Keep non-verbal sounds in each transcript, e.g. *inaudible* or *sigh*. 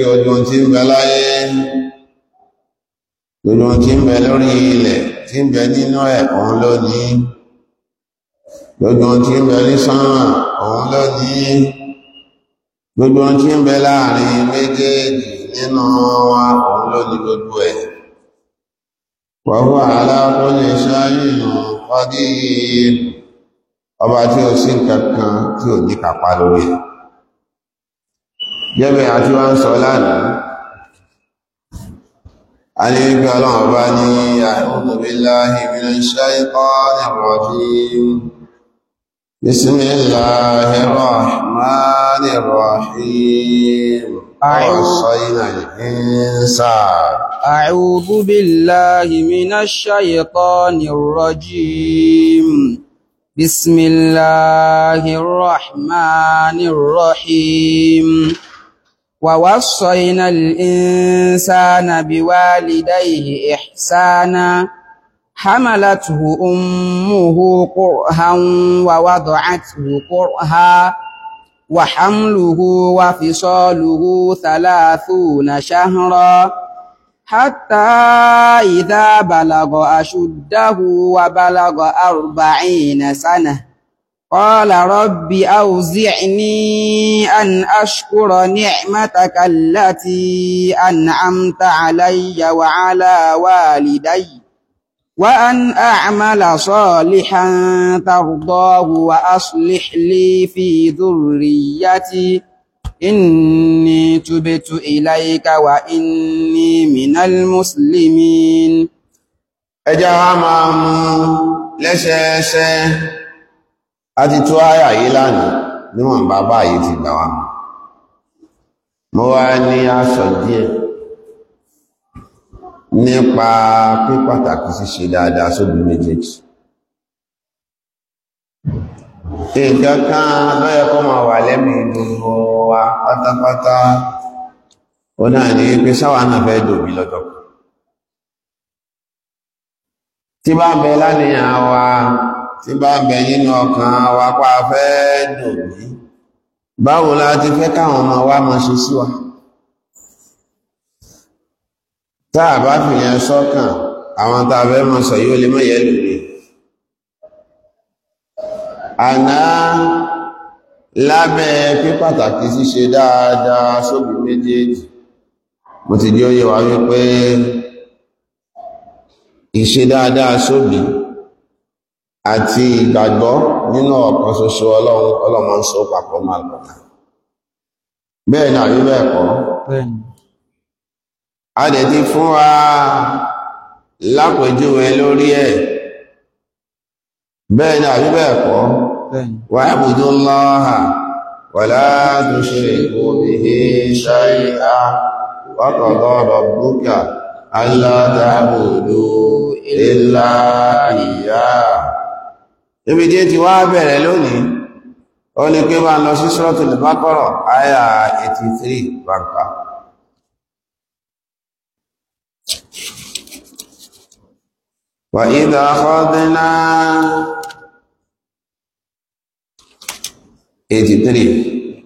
rí ojú tí ń bẹ láyé ojú tí ń bẹ lórí ilẹ̀ tí ń bẹ nínú ẹ̀ òun lónìí lójú tí ń bẹ ní sánmà òun lónìí gbogbo ohun tí ń bẹ láàrin méjèèjì nínú wa òun lónìí gbogbo ẹ̀ wọ́wọ́ aláàbọ̀lẹ̀ ọba tí ó sí nǹkan tí ò ní kápá lórí ẹ̀ gẹ́gẹ́ àti wá ń sọ lánàá a ní wípé ọlọ́run bá ní a'udhu billahi minash shaytanir rajim bismillahir rahmanir الإنسان أعوذ بالله من الشيطان الرجيم بسم الله الرحمن الرحيم ووصينا الإنسان بوالديه إحسانا حملته أمه قرها ووضعته قرها وحمله وفصاله ثلاثون شهرا حتى إذا بلغ أشده وبلغ أربعين سنة قال رب أوزعني أن أشكر نعمتك التي أنعمت علي وعلى والدي وأن أعمل صالحا ترضاه وأصلح لي في ذريتي إني تبت إليك وإني من المسلمين أجعل لشاشة a ti tó àyà yìí lánàá níwọ̀n bàbá yìí ti gbà wá mọ́ wá ní aṣọ díẹ̀ nípa pípàtàkì ṣíṣe dáadáa sóbi méjèèjì nǹkan kan lọ́yẹ kó máa wà lẹ́mí gbogbo wa pátápátá ó náà ní pé sáwà náà fẹ́ dòbí lọ́jọ́ tí tí bá ń bẹ nínú ọkàn wa pa fẹ́ dòbí báwo la ti fẹ́ káwọn ọmọ wa máa ṣe sí wa tá a bá fi yẹn sọ́kàn àwọn tá a fẹ́ máa sọ yóò lè mọ̀ yẹ lòdì àná lábẹ́ pípàtàkì ṣíṣe dáadáa sóbi méjèèjì mo ti di ó wa wípé ìṣe dáadáa sóbi àti ìgbàgbọ́ nínú ọ̀kan ṣoṣo ọlọ́run ọlọ́mọ ń sọ papọ̀ máa lọ́ta bẹ́ẹ̀ náà rí bẹ́ẹ̀ kọ́ a dẹ̀ ti fún wa lápèjúwe lórí ẹ̀ bẹ́ẹ̀ náà rí bẹ́ẹ̀ kọ́ wà ibùdó lọ́ha wà látúnṣe ìgbòmìhì ṣáyíká wákọ̀ọ́dọ̀ rọ̀bùkà aláàtàbòdó ilá ìyá ibi tí ti wá bẹ̀rẹ̀ lónìí ó ní pé bá lọ sí Suratul Baqara àyà 83 bàǹkà وإذا أخذنا 83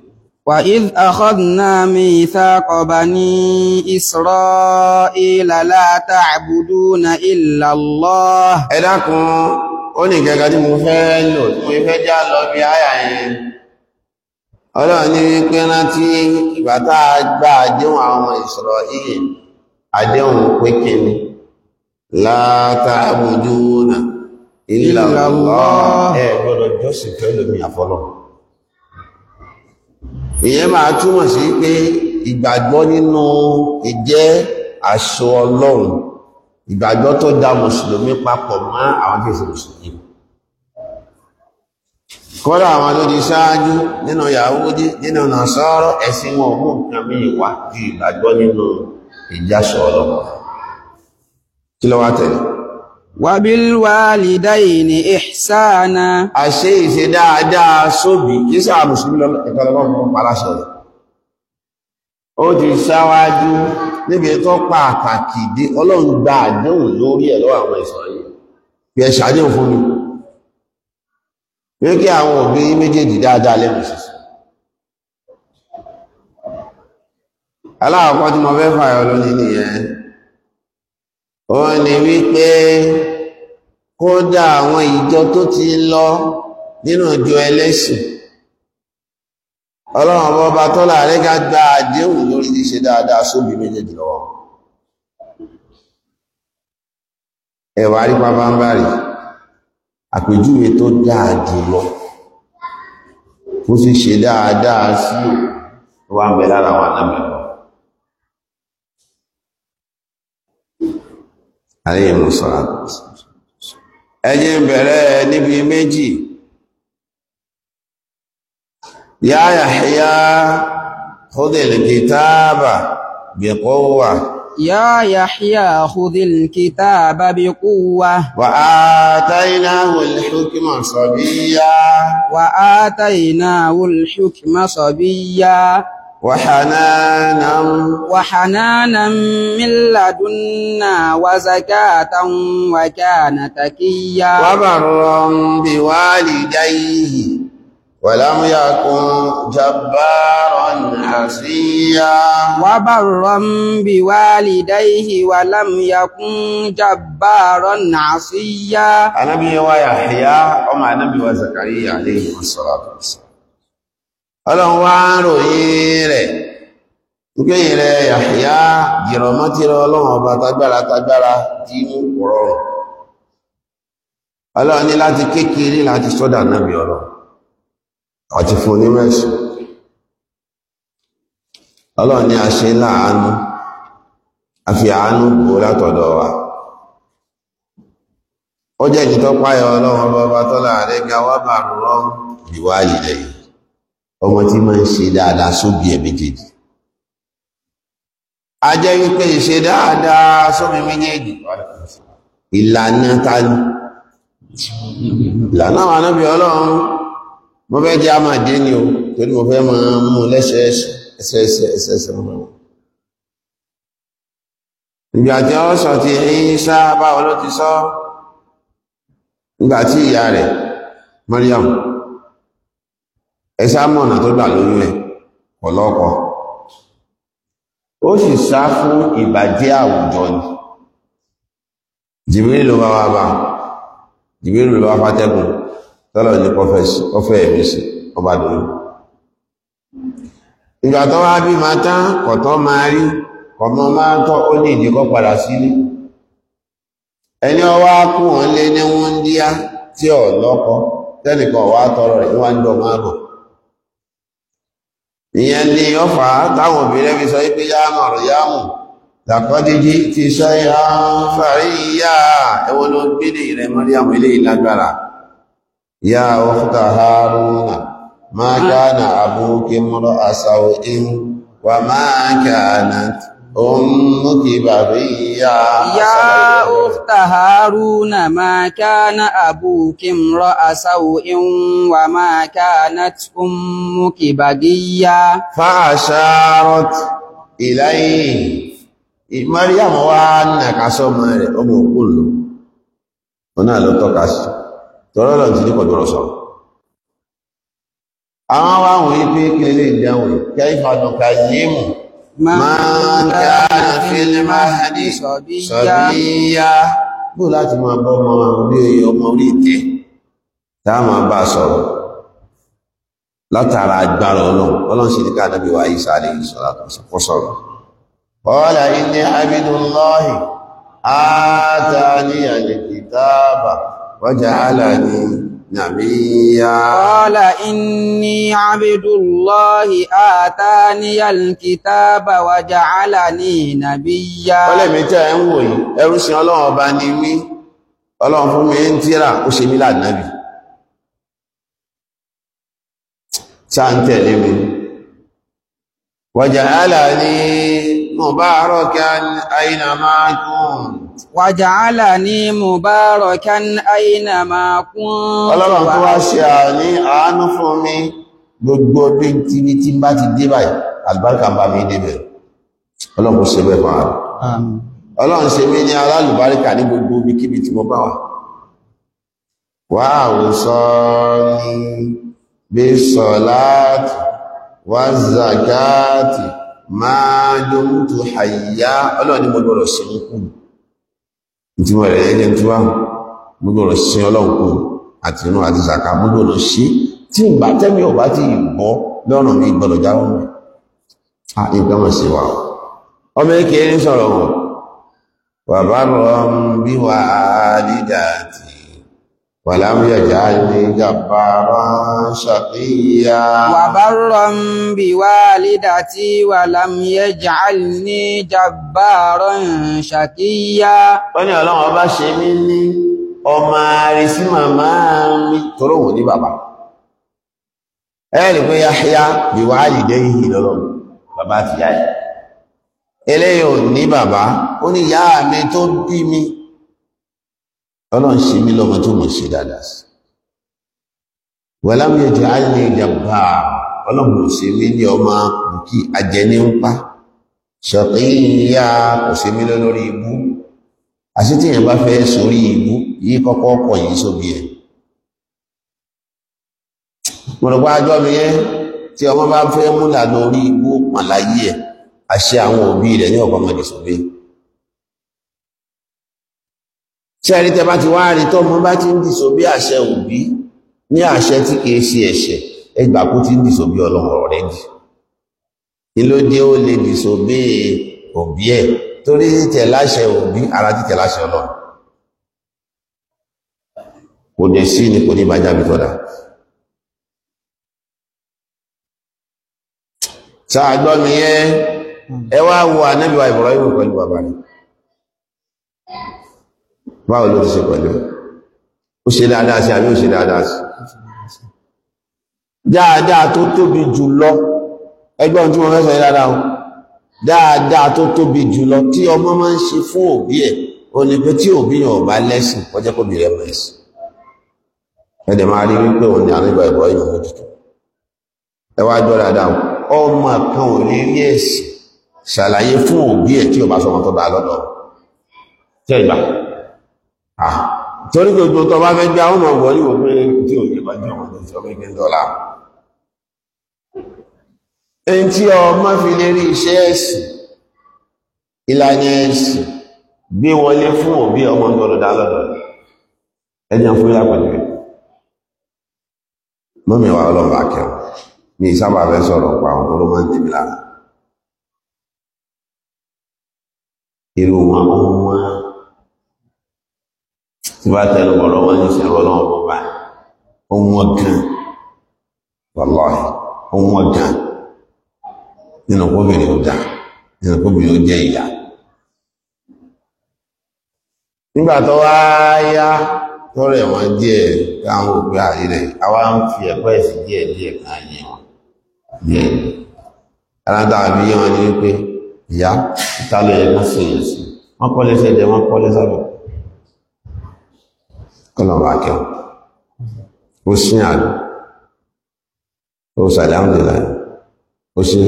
وإذ أخذنا ميثاق بني إسرائيل لا تعبدون إلا الله إلكم ó ní gẹ́gẹ́ tí mo fẹ́ lò tí mo fẹ́ já lọ bí àyà yẹn ọlọ́run ní wípé rántí ìgbà tá a gba àdéhùn àwọn ọmọ ìsọ̀rọ̀ yìí àdéhùn pé ni látàbùjú náà ìlàlọ́ ẹ̀ ìgbàgbọ́ nínú ìjẹ́ àṣọ ọlọ́run ìgbàgbọ́ tó dá mùsùlùmí papọ̀ mọ́ àwọn tí èsì mùsùlùmí kọ́lá àwọn tó ti ṣáájú nínú Yahudi nínú Nasara ẹ̀sìn wọn mú nǹkan míì wá ju ìgbàgbọ́ nínú ìjásọ ọlọ́pàá kí ló wá tẹ̀lé wàbílwàlìdáyìní ihsana àṣẹ ìṣe dáadáa sóbì kí sáà mùsùlùmí lọ́lọ́ ó ti ṣáwájú níbi tó pàtàkì dé ọlọ́run gba àdéhùn lórí ẹ̀ lọ́wọ́ àwọn ìsọ̀rọ̀ yìí fi ẹ ṣàdéhùn fún mi pé kí àwọn òbí méjèèjì dáadáa lẹ́nu ṣiṣẹ́ aláàkọ́ tí mo fẹ́ fàyọ lónìí nìyẹn ó ní wípé kódà àwọn ìjọ tó ti lọ nínú ìjọ ẹlẹ́sìn ọlọ́run ọba ọba tó láàrin ká gba àdéhùn lórí ṣíṣe dáadáa sóbi méjèèjì lọ́wọ́ ẹ̀wà rí pàbámbàrí àpèjúwe tó dáa jùlọ kó sì ṣe dáadáa sí wà ń bẹ lára wà lábẹ́ lọ àríyìn mùsùlùmí ẹjẹ́ ń bẹ̀rẹ̀ níbi méjì يا يحيى خذ الكتاب بقوة يا يحيى خذ الكتاب بقوة وآتيناه الحكم صبيا وآتيناه الحكم صبيا وحنانا وحنانا من لدنا وزكاة وكان تكيا وبرا بوالديه ولم يكن جبارا عصيا وبرا بوالديه ولم يكن جبارا عصيا النبي ويحيى ومع النبي وزكريا عليه الصلاة والسلام ọlọ́run wá ń ròyìn rẹ̀ wípé ìrẹ̀ Yahya jìrọ̀mọ́tìrọ ọlọ́run ọba tagbára tagbára tí mú ọlọ́run ní láti kékeré láti sọ́dà náà bí ọlọ́run àti fún onímẹ̀ṣù ọlọ́run ni a ṣe láàánú a fi àánú bò látọ̀dọ̀ wa ó jẹ́ ìjì tó páyọ ọlọ́run bọba tó láàrẹ ga wá bà rọ́ ìwà ilẹ̀ yìí ọmọ tí máa ń ṣe dáadáa sóbi ẹ̀ méjèèjì a jẹ́ wípé ìṣe dáadáa sómi méjèèjì ìlànà ta ni ìlànà àwọn anábì ọlọ́run mo fẹ́ jẹ́ àmà dé o torí mo fẹ́ máa mú lẹ́sẹẹsẹ mọ́ ìgbà tí ó sọ ti Ìsá ti sọ ìgbà tí ìyá Mariam ẹ̀sá mọ̀nà tó gbà lóyún ẹ̀ ọlọ́kọ̀ ó sì sá fún ìbàjẹ́ ni Jibril ló bá wá bá ló bá tọ́lọ̀ ní ọfẹ́ ẹ̀mí sí ọba dòyún ìgbà tó wá bí ma tán kọ̀tọ́ máa rí kọmọ máa ń tọ́ ó ní ìdíkọ́ padà sílé ẹni ọwá kú wọn lé ní wọ́n ń díá tí ọ̀ lọ́kọ́ tẹ́nìkan wá ni ó fà á táwọn obìnrin fi sọ pé yá mọ̀ rẹ̀ yá mọ̀ làkọ́díjí ti sọ ìhàn fàríyà ẹwọ́n ló gbé ní ìrẹ̀mọ́rí àwọn ilé ìlágbára يا أخت هارون ما كان أبوك امرأ سوء وما كانت أمك بغيا يا أخت هارون ما كان أبوك امرأ سوء وما كانت أمك بغيا فأشارت إليه مريم وأنك سمر أم كله هنا لو تقصد tọ́rọ lọ ti ní kọ̀dọ̀rọ̀ sọ̀rọ̀ àwọn wá wọ́n yí pé kí lè dáhùn kẹfà nùkà yímù máa ń ká fílì máa ní sọ̀bíyá bó láti máa bọ́ ọmọ orí ọmọ orí ìtẹ́ táà máa bá sọ̀rọ̀ látara agbára ọlọ́run ọlọ́run وجعلني نبيا قال إني عبد الله آتاني الكتاب وجعلني نبيا ọlẹ́mí tẹ́ ń wò yìí ẹrúsìn ọlọ́run ọba ni mí ọlọ́run fún mi ń tíra ó ṣe mí lànàbì sáà ń tẹ̀lé mi وجعلني مباركا أينما كنت wàjàálàní mubarakan àìnàmà kún ọlọ́run tó wá ṣe àní àánú fún mi gbogbo bí tíbi tí bá ti dé báyìí àlùbáríkà bá mi débẹ̀ ọlọ́run ṣe bẹ́ẹ̀ máa ọlọ́run ṣe mí ní alálùbáríkà ní gbogbo bí kíbi tí mo bá wà wà àwòsọ ní bí sọ̀láàtì wà zàkáàtì máa dóhùn tó hàyà ọlọ́run ní mo lọ́rọ̀ sí ikú ìtumọ̀ rẹ̀ ẹjẹ́ tó bá múgbòrò sí ọlọ́nkù àti inú àti ìsàkà múgbòrò sí tí ìgbà tẹ́mi ò bá ti bọ́ lọ́nà mi gbọ́dọ̀ jáwọ́ rẹ̀ a nǹkan mọ̀ sí wa ọmọ èké ń sọ̀rọ̀ wọn bàbá rọ̀ bí wà dídà tí ولم يجعلني جبارا شقيا وبرا بوالدتي ولم يجعلني جبارا شقيا wọ́n ní ọlọ́run ọba ṣe mí ní ọmọ ààrẹ sí màmá mi tóró wò ní bàbá ẹ̀rì pé yáyá bìwálìdé yìí lọ́rọ̀ bàbá ti yáyà eléyìí ò ní bàbá ó ní ìyá mi tó bí mi ọlọ́run ṣe mí lọ́mọ tó mọ̀ ṣe dáadáa sí wàlámù yẹn jẹ́ àìní ìjàmbá ọlọ́run ò ṣe mí ní ọmọ bùkí ajẹni ń pa ṣọ̀tí ìyá kò ṣe mí lórí ibú àti tí èèyàn bá fẹ́ sórí ibú yìí kọ́kọ́ kọ̀ yìí sóbi ẹ̀ mo rò pé ajọ́ mi yẹn tí ọmọ bá fẹ́ múlà lórí ibú pàláyé ẹ̀ àṣẹ àwọn òbí rẹ̀ ní ọ̀pọ̀ ọmọdé sóbi ẹ̀ tí a rí tẹ bá ti wá rí tọ́mọ bá ti ń dìso bí àṣẹ òbí ní àṣẹ tí kìí ṣe ẹ̀ṣẹ̀ ẹgbà kó ti ń dìso bí ọlọ́run ọ̀rẹ́ dì kí ló dé ó lè dìso bí òbí ẹ̀ torí títẹ̀ láṣẹ òbí ara títẹ̀ láṣẹ ọlọ́run kò dẹ̀ sí ni kò ní bá jábí tọ́da sáà gbọ́ mi yẹn ẹ wá wo ànábì wa Ibrahim pẹ̀lú bàbá rẹ̀ báwo ló ti ṣe pẹ̀lú ó ṣe dáadáa sí àbí ó ṣe dáadáa sí dáadáa tó tóbi jùlọ ẹgbọ́n tí wọ́n fẹ́ sọ dáadáa o dáadáa tó tóbi jùlọ tí ọmọ máa ń ṣe fún òbí ẹ̀ o lè pé tí òbí yàn ọba lẹ́sìn ọjọ́ kò bìrẹ̀ mọ̀ ẹ̀sìn ẹ̀dẹ̀ máa rí wípé òun ni àrígbà ìbọ̀ yìí mú tuntun ẹ wá gbọ́ dáadáa o ọmọ kan ò ní rí ẹ̀sìn ṣàlàyé fún òbí ẹ̀ tí ò bá sọ ọmọ tó bá lọ́dọ̀ tẹ́ ìgbà Ah, torí gbogbo tó bá fẹ́ gbé àwọn ọmọ wọlé òpin tí ò yẹ bá jẹ́ ọmọ tó fẹ́ gbé dọ́là ẹni tí ọmọ fi lè rí iṣẹ́ ẹ̀sìn ìlànà ẹ̀sìn gbé wọlé fún òbí ọmọ gbọdọ̀ dálọ́dọ̀ ẹni fún ìlàpẹ̀lẹ̀ mọ́míwá ọlọ́mà kẹwàá ní ìsábà fẹ́ sọ̀rọ̀ pa àwọn olómọ́ tìbí lára irú wọn ó wọ́n tí bá tẹnu bọ̀rọ̀ wọn ní ìṣẹ̀rọ ọlọ́run bọ̀bá ohun ọ̀gàn wàláhì ohun ọ̀gàn nínú kóbìnrin ó dà nínú kóbìnrin ó jẹ́ ìyá nígbà tó wá yá lọ́rọ̀ ẹ̀wọ̀n díẹ̀ káwọn òpin àìrẹ̀ àwa ń fi ẹ̀kọ́ ẹ̀sìn díẹ̀ díẹ̀ kan wọn díẹ̀ aláta àbí yẹ wọn ni wípé ìyá ìtàlẹ̀ ẹ̀kọ́ sí èyàn wọ́n kọ́ jẹ wọ́n kọ́ lẹ́sàbọ̀ kọlọ̀bà kẹwọ́ ó sí àlù ó sàdámdìlá ó sí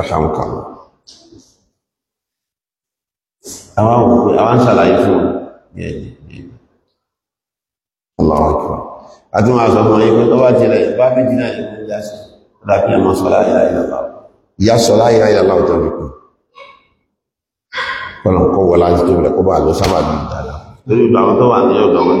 ẹ̀fàmkọ̀ àwọn sàlàyé fún ọlọ́wọ́kọ̀ àti wọn àṣọ fún ẹgbẹ́ tó bá jẹ́lẹ̀ bá bí jìnà ìlú yásọ̀ láti ẹmọ sọ́lá ìlà ìlàlá yásọ̀ láì ìlà ìlàlá ọjọ́ nìkan kọ́nà kọ́ wọlá jẹ́ tó kó bá lọ sábà bí ìdàlá lórí ìgbà tó wà ní ọ̀dọ̀ wọn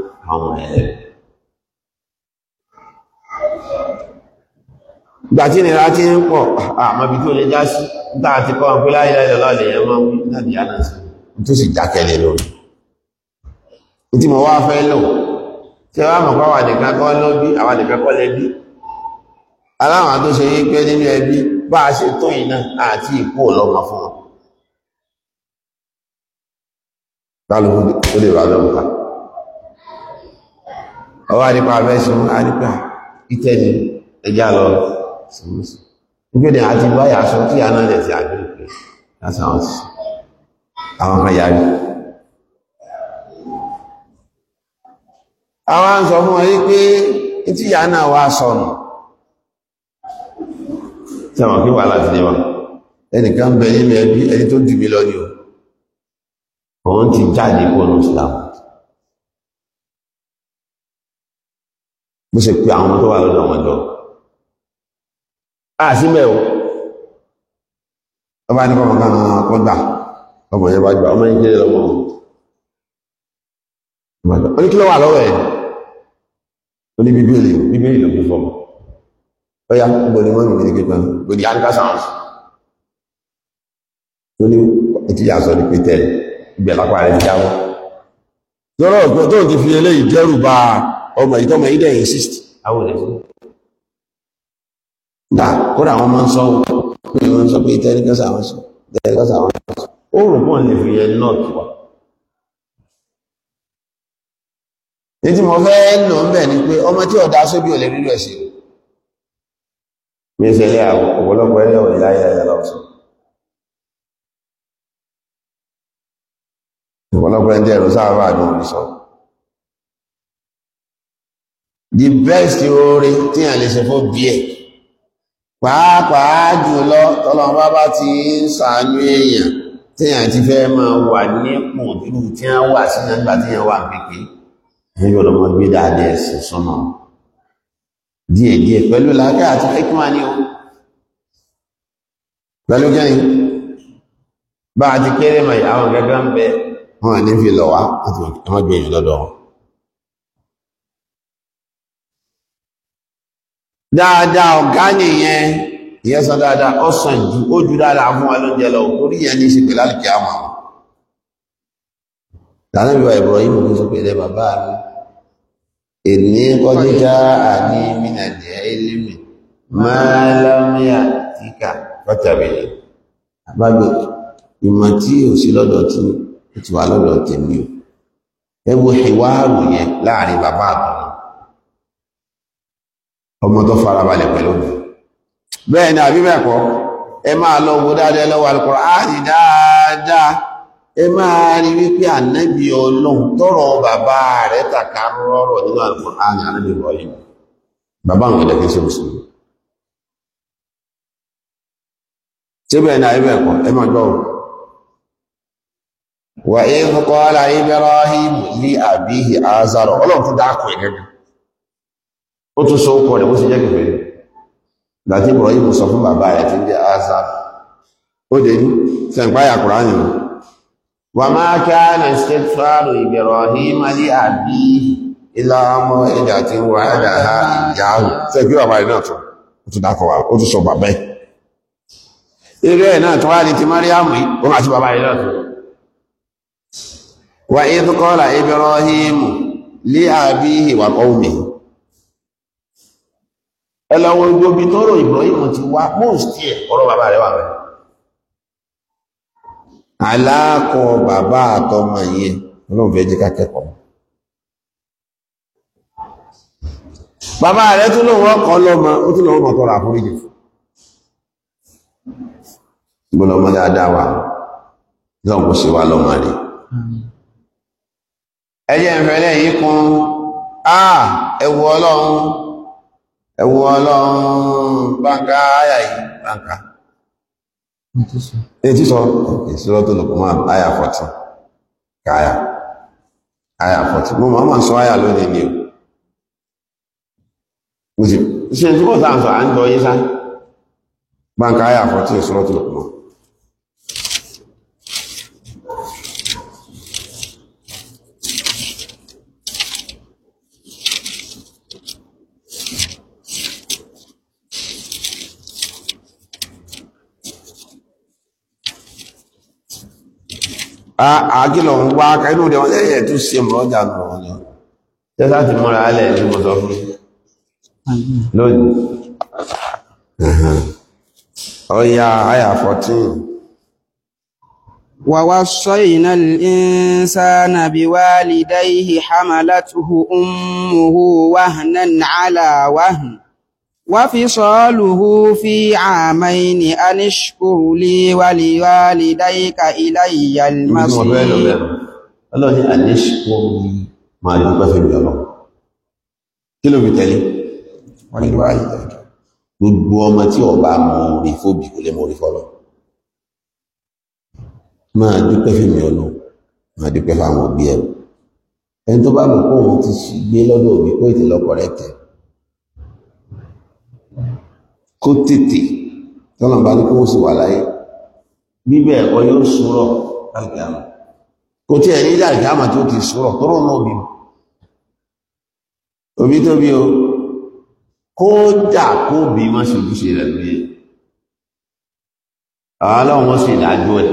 ọmọ ẹ̀lẹ́ gbàtí nìra tí ń pọ̀ àmọ́bí tó lè já sí dáa ti kọ́ pé láìláìlọ́lọ́ lè yẹ mọ́ láti yánà sí tó sì dákẹ́lẹ̀ lórí tí mo wá fẹ́ lò tí wá mọ̀ pàwà nìkan kọ́ ló bí àwọn nìkan kọ́ lẹ bí aláwọn tó ṣe yí pé nínú ẹbí bá a ṣe tó iná àti ìpò lọ́mọ fún wọn kálukú ó ọwọ́ àdípa abẹ́sùn àdípa ah, ìtẹ́ni ẹjá lọ sọmọ́sọ nígbèdè àti báyà aṣọ tí a náà lẹ̀sí àgbèrè pé láti àwọn ti àwọn kan yàrí àwọn ń sọ fún ọ pé tí ìyá náà wá sọnù tí àwọn kí wà láti lè wà ẹnìkan bẹ ẹni tó dìbí lọ ni o òun ti jáde kó nù sílámù bó ṣe pé àwọn tó wà lọ́dọ̀ wọn jọ àṣìbẹ̀ o ọba ní kọ́mọ kan kọ́ gbà ọmọ yẹn bá gbà ọmọ yẹn kéré lọ́wọ́ ó ní kí ló wà lọ́wọ́ ẹ̀ ó ní bíbélì bíbélì ló fi fọmọ ó yá gbọ́n ní wọ́n nù ní kíkan gbọ́n ní yáníkà sáwọn tó ní ẹtí yà sọ ní pété ìgbẹ̀lápá rẹ̀ ti jáwọ́ lọ́rọ̀ tó ti fi eléyìí dẹ́rù bá a ọmọ ìtọ́mọ̀ ilẹ̀ insist àwọn ẹ̀sìn gbà kódà wọn máa ń sọ pé wọn sọ pé tẹ́lẹ̀kọ́sà wọn sọ tẹ́lẹ̀kọ́sà wọn sọ ó rò pọ̀ lè fi yẹ nọ́ọ̀tù wa ní tí mo fẹ́ lò ń bẹ̀ ni pé ọmọ tí ọ̀dà sóbì ò lè rí rẹ̀ sí mi ìṣẹ̀lẹ̀ ọ̀pọ̀lọpọ̀ ẹlẹ́wọ̀n ìláyà ẹ̀yà lọ́sọ̀ ọ̀pọ̀lọpọ̀ ẹ̀ńdẹ̀rù sáà bá àdúgbò sọ̀rọ̀ the best oore tí a lè ṣe fún bí ẹ̀ pàápàá jùlọ tọ́lọ́n bá bá ti ń sàánú èèyàn tí a ti fẹ́ máa wà nípò ìlú tí a wà sí nígbà tí a wà pèpè ẹ̀yọ́ lọ́mọ gbé dáadé ẹ̀sìn sọ́nà díẹ̀ díẹ̀ pẹ̀lú làákà àti hikma ní o pẹ̀lú kẹ́yìn bá a ti kéré mọ̀ àwọn gẹ́gẹ́ ń bẹ wọn ní fi lọ wá àti wọn gbé yìí wọn dáadáa ọ̀gá nìyẹn ìyẹn sọ dáadáa ó sàn ju ó ju dáadáa fún wa lóúnjẹ lọ torí ìyẹn ní í ṣe pẹ̀lú àlùkí àmọ́ lànà ìwà Ibrahim ní sọ pé ilẹ̀ bàbá mi èní kọjíjá àní mínàdìá elémi máa lámìà tíkà pàtàkì àbágbé ìmọ̀ tí ò sí lọ́dọ̀ tí ó ti wà lọ́dọ̀ tèmi o ẹ wo ìwà àrùn yẹn láàrin bàbá àbọ̀ ọmọ tó na pẹ̀lú bẹ́ẹ̀ ni àbí bẹ́ẹ̀ kọ́ ẹ máa lọ wo dáadáa lọ́wọ́ Al-Kùránì dáadáa ẹ máa rí wípé ànábì ọlọ́run bàbá rẹ̀ tàkà rọrọ̀ nínú Al-Kùránì ànábì Ibrahim bàbá àwọn ẹ̀dẹ̀kẹ́ sí ó tún sọ ọkọ̀ rẹ̀ bó sì jẹ́ kẹfẹ́ ìgbàtí ìbọ̀rọ̀ yìí sọ fún bàbá rẹ̀ tí ń jẹ́ asa ó dé ní sẹ̀ǹpáyà kùránì o wà máa kí á nà ṣe ìbẹ̀rọ̀ hímà ní àbí ilá ọmọ ìjà tí ń wà ẹ̀dà ha ìyáhù sẹ́gbẹ́ bàbá rẹ̀ náà tó ó tún dákọ̀ wá ó tún sọ bàbá ẹ̀ eré ẹ̀ náà tó wá ní ti Máríàmù ó máa ti bàbá rẹ̀ náà tó wà ìdúkọ́lá ìbẹ̀rọ̀ hímù lé àbí ìwà kọ́wùmí ẹlọ́wọ́ gbogbo tọ́rọ Ibrahim ti wá mọ́sí ẹ̀ ọ̀rọ̀ bàbá rẹ̀ wà rẹ̀ aláàkọ bàbá àtọmọ yìí olóòfẹ́ jẹ́ kákẹ́kọ̀ọ́ bàbá rẹ̀ tún lọ wọ́kọ̀ lọ́mọ ó tún lọ ẹjẹ́ ìfẹ́lẹ̀ yìí kan ah ẹwù ọlọ́run ẹwọ ọlọ́run báńkà àyà yìí báńkà ètí sọ ìṣúlọ́tò lọ́pọ̀mọ́ àyà 14 káyà àyà 14 mo máa ń sọ àyà lónìí ni o ṣe tí kò sáà sọ à ń gbọ́ yí sá báńkà àyà 14 ìṣúlọ́tò lọ́pọ̀mọ́ àgílọ̀ ń wá aka rẹ̀ wọ́n lẹ́yẹ̀ tó ṣe mọ́ ọjà nù tẹ́sà ti múra alẹ́ ní mo fún lónìí ọya àyà 14 وفصاله في عامين أن اشكر لي ولوالديك إلي المصير الله ni anishkuru máa lè dúpẹ́ fèlú ọlọ́ kí ló fi tẹ́lé gbogbo ọmọ tí ọba mọ orí fóbi kò lè mọ orí fọ́lọ́ máa dúpẹ́ fèlú ọlọ́ máa dúpẹ́ fáwọn òbí ẹ̀rù ẹni tó bá mọ̀ pé òun ti gbé lọ́dọ̀ òbí kó ìtìlọ́kọ̀ rẹ̀ tẹ̀ kó tètè tọ́lọ̀n bá ní kó sì wà láyé bíbẹ̀ ẹ̀kọ́ yóò súrọ̀ àgbàmà kò tí ẹ̀ ní ilé àgbàmà tó ti súrọ̀ tọ́rọ̀ náà bí òbí tó bí o kó jà kó bí má ṣe ojúṣe rẹ̀ lóye àwọn aláwọ̀ wọ́n sì dájú ẹ̀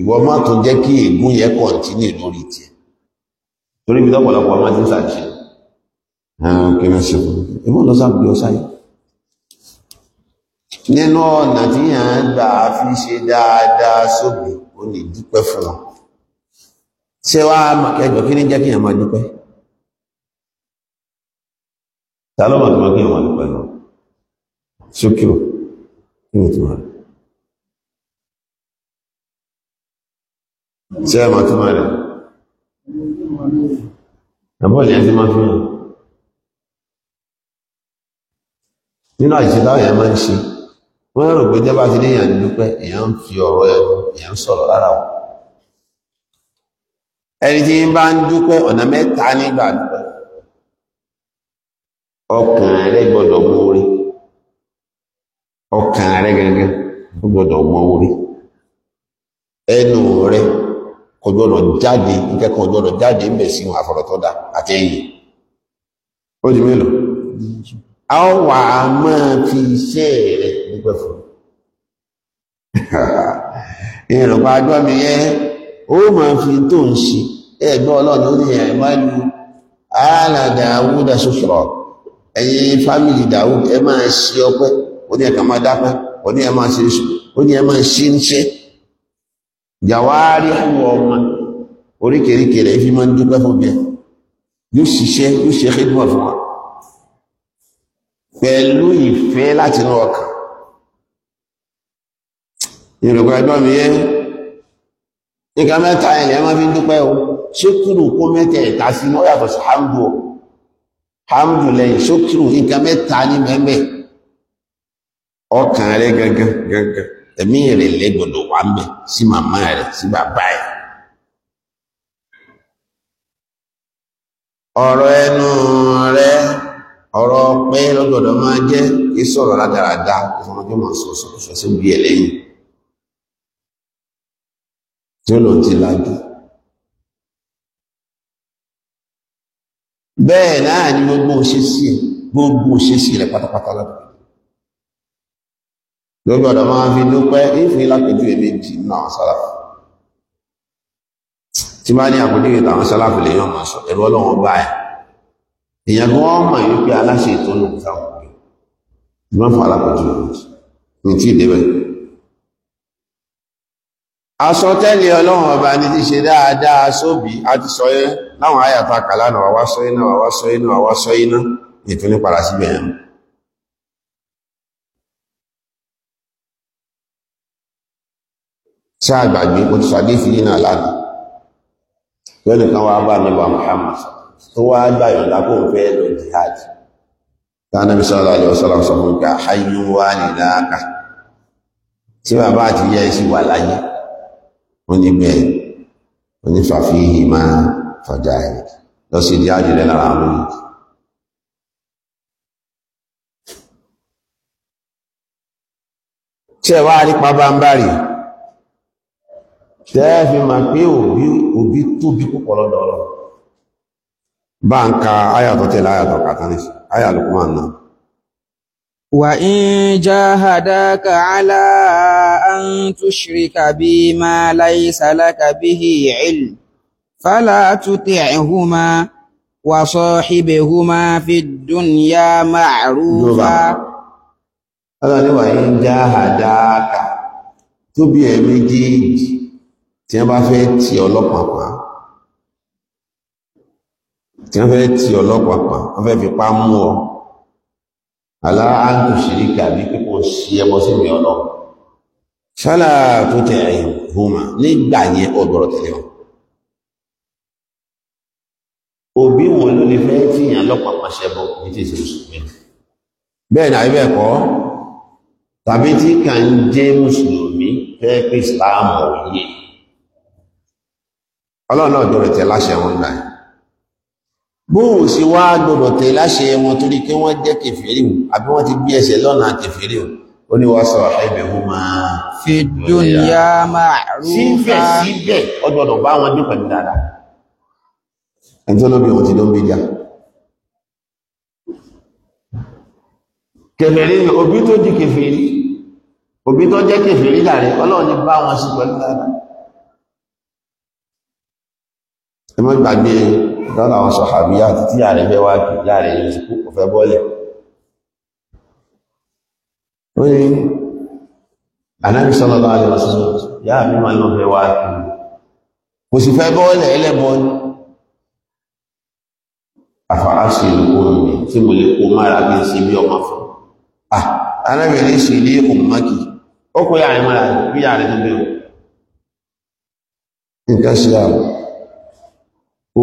ìwọ má tó jẹ́ kí ègún yẹ kọ̀ntínì lórí tiẹ̀ torí ibi tọ́pọ̀lọpọ̀ ọmọ ti ń ṣàṣe kí ni ṣe ìbọn lọ sáà gbé ọ sáyé nínú ọ̀nà tí yàn ń gbà fi ṣe dáadáa sóbì ó lè dúpẹ́ fún wọn ṣé wàá màkẹjọ kí ní jẹ́ kí yàn máa dúpẹ́ ta ló mọ̀ tó máa kí yàn máa dúpẹ́ lọ sókè kí ni tó máa ṣé ẹ̀ máa tó máa rẹ̀ àbọ̀ ìyẹn ti máa fi hàn nínú àìṣe táwọn èèyàn máa ń ṣe wọ́n rò pé jẹba ti léyàn dúpẹ́ èyàn ń fi ọ̀rọ̀ ẹnu èyàn sọ̀rọ̀ lára wọn ẹni tí bá ń dúpẹ́ ọ̀nà mẹ́ta nígbà dúpẹ́ gbọ́dọ̀ mú orí gẹ́gẹ́ gbọ́dọ̀ mú orí ẹnu rẹ kò gbọ́dọ̀ jáde ìkẹ́kọ̀ọ́ gbọ́dọ̀ jáde ń bẹ̀ sí di mélòó a ó wà á máa fi iṣẹ́ rẹ̀ dúpẹ́ fún *laughs* ìyẹn ló pa adúlọ́ mi yẹn ó máa fi tó ń ṣe ẹgbẹ́ ọlọ́run ó ní ẹ̀ máa lu ààlà dàwúdà ṣòṣòrọ̀ ẹ̀yin fámìlì dàwúd ẹ máa ṣe ọpẹ́ ó ní ẹ̀ka máa dápẹ́ ó ní ẹ̀ máa ṣe iṣu ó ní ẹ̀ máa ṣe iṣẹ́ jàwárí àwọn ọmọ oríkèéríkèé rẹ̀ fi ń dúpẹ́ fún mi yóò ṣiṣẹ́ yóò ṣe kéjúmọ̀ fún wa. pẹ̀lú ìfẹ́ láti inú ọkàn ìrògbà ẹgbọ́n mi nígbà mẹ́ta ilẹ̀ ma fi ń dúpẹ́ o ṣókìrù kó mẹ́tẹ̀ ẹ̀ta sí mọ́ yàtọ̀ sí hamdu hamdu lẹ́yìn ṣókìrù nígbà mẹ́ta ní mẹ́mẹ́ ọkàn gangan gangan ẹ̀mí lẹ́gbọ̀dọ̀ wà mẹ́ sí màmá sí bàbá ọ̀rọ̀ pẹ́ lọ́gbọ̀dọ̀ máa jẹ́ ìsọ̀rọ̀ ládàradà ìfọmọdé mọ̀ sọ̀sọ̀ sí bí ẹlẹ́yìn tí ó lọ ti lájú bẹ́ẹ̀ náà ni gbogbo òṣèṣì gbogbo òṣèṣì rẹ̀ pátápátá lọ́dọ̀ lọ́gbọ̀dọ̀ máa fi dúpẹ́ ìfún ìlàpẹ̀jú èméjì nínú àwọn sálàfù tí bá ní àpòdíwì táwọn sálàfù lèyàn máa sọ ẹ̀rọ ọlọ́wọ́n báyìí èèyàn gan wọn mọ̀ yìí pé aláṣẹ ètò ló ń táwọn òbí ìgbọ́n fún alákòjú ní tí ìdébẹ̀. aṣọ tẹ́lẹ̀ ọlọ́run ọba ní ti ṣe dáadáa sóbì àti sọyẹ́ láwọn àyàtọ̀ àkàlà náà wà wá sọ iná wà wá sọ iná wà wá sọ iná ètò ní padà yẹn. ṣáà gbàgbé mo ti ṣàdé ìfìdí náà lánàá lónìí kan wá bá mi wà sọ tó wá gbàyàn lábò fẹ́ lọ jihad tánàbí sọ́lá àlẹ́ ọ̀sọ́lá sọ fún ìgbà ayé wá níláàkà tí bàbá àti ìyá ẹ̀ sì wà láyé ó ní bẹ́ẹ̀ onífàfihì máa fàjà ẹ̀ lọ sí ìdí àjùlẹ̀ lára àwọn yìí tí ẹ wá rí tẹ́ẹ̀ fi máa pé òbí tóbi púpọ̀ lọ́dọ̀ ọlọ́run bá ń ka ayàtọ̀ tẹ́lẹ̀ ayàtọ̀ kàtànis ayà Luqman náà wa in jahadaka ala an tushrika bi ma laysa laka bihi ilm fala tuti'huma wa sahibhuma fid dunya ma'rufa Allah ni wa in jahadaka tó bí ẹ̀ méjèèjì tí wọ́n bá fẹ́ tì ọlọ́pàá tí wọ́n fẹ́ ti ọlọ́pàá pa wọ́n fẹ́ fi pa mú ọ aláàánú ṣìríkà bí pípọ̀ sí ẹbọ sí mi ọlọ́ ṣálà tó tẹ ìhùmà nígbà yẹn ọgbọ̀rọ̀ tẹ̀lé wọn òbí wọn ló lè fẹ́ tí ìyàn lọ́pàá pàṣẹ bọ ní tí ìṣèlú bẹ́ẹ̀ náà ibẹ̀ kọ́ tàbí tí kà ń jẹ́ mùsùlùmí fẹ́ pé ìsìláàmù yìí ọlọ́run náà jọ rẹ̀ tẹ̀ láṣẹ wọn náà bóò sí wá gbọdọ̀ tẹ̀ láṣẹ wọn torí kí wọ́n jẹ́ kèfèrí o àbí wọ́n ti gbé ẹsẹ̀ lọ́nà kèfèrí o ó ní wá sọ ẹbẹ̀ ó máa fi dúnyá máa rú síbẹ̀ síbẹ̀ ó gbọdọ̀ bá wọn dín pẹ̀lú dáadáa ẹjọ́ ló bí wọn ti ló ń gbé jà kèfèrí ni òbí tó di kèfèrí òbí tó jẹ́ kèfèrí láàrin ọlọ́run ní bá wọn sí pẹ̀lú dáadáa ẹ ìkan àwọn sọ̀hàbíyà àti tí ààrẹ fẹ́ wá kì láàrin ilé ìsìnkú kò fẹ́ bọ́ọ̀lẹ̀ ó ní anábì sallallahu alaihi wasallam yá mi máa lọ fẹ́ wá kì kò sì fẹ́ bọ́ọ̀lẹ̀ ẹlẹ́bọn àfàásì ìlú mi tí mo lè kó mára bí ṣe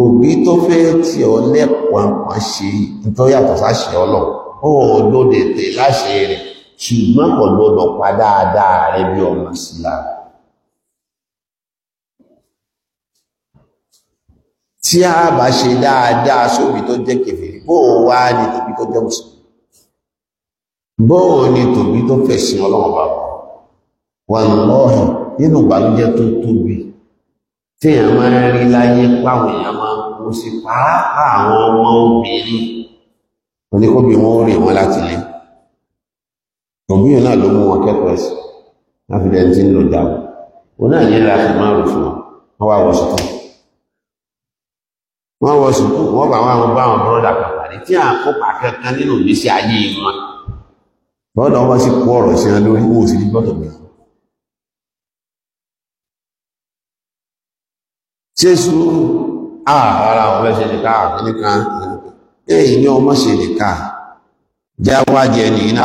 òbí tó fẹ́ tí ọ lẹ́kọ̀ọ́ àwọn ṣe nítorí yàtọ̀ sáṣẹ ọlọ ó ló lè tè láṣẹ rẹ̀ ṣùgbọ́n kò lọ́dọ̀ pa dáadáa rẹ̀ bí ọmọ sí lára tí a bá ṣe dáadáa sóbi tó jẹ́ kèfèrè bó o wá ní tòbí tó jẹ́ mùsùn bó o ní tòbí tó fẹ̀sìn ọlọ́run bá wà lọ́hìn nínú ìbànújẹ́ tó tóbi tí èèyàn máa ń rí láyé páwọn èèyàn máa ń kú sí pàápàá àwọn ọmọ obìnrin oníkóbi wọn ó rìn wọn láti lé òbíyàn náà ló mú wọn kẹ́kọ̀ọ́ ẹ̀sìn láti dẹni tí ń lò jáwọ́ òun náà yẹn láti máa rò fún wọn wọn wá wọ sùkú wọn wọ sùkú wọn bá wọn bá àwọn bọ́ọ̀dà pàpàdé tí àwọn kópa kankan nínú ìgbésí ayé wọn bọ́ọ̀dà wọn sì kó ọ̀rọ̀ sí wọn lórí wọn ò sì ní gbọ́dọ̀ mìíràn ṣe sùúrù ààrà ọ̀rẹ́ ṣe lè káà nìkan ẹ̀yìn ní ọmọ ṣe lè káà jáwájẹ ní iná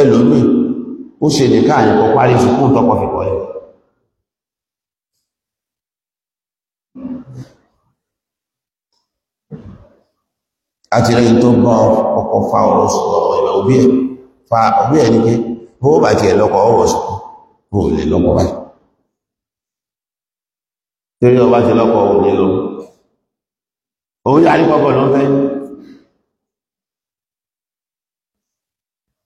ẹlòmí ó ṣe lè káà yẹ̀kọ́ parí fún kún tọ́kọ̀ fìkọ́ yẹ̀ àti rí tó bá ọkọ̀ fa ọ̀rọ̀ sọ̀rọ̀ ìlà òbí ẹ̀ fa òbí ẹ̀ ní pé bó bá ti ẹ̀ lọ́kọ̀ ọ̀rọ̀ sọ̀rọ̀ bó lè lọ́kọ̀ báyìí torí ọba ti lọ́kọ̀ òun nílò òun yà ní pọ́pọ̀ ló ń fẹ́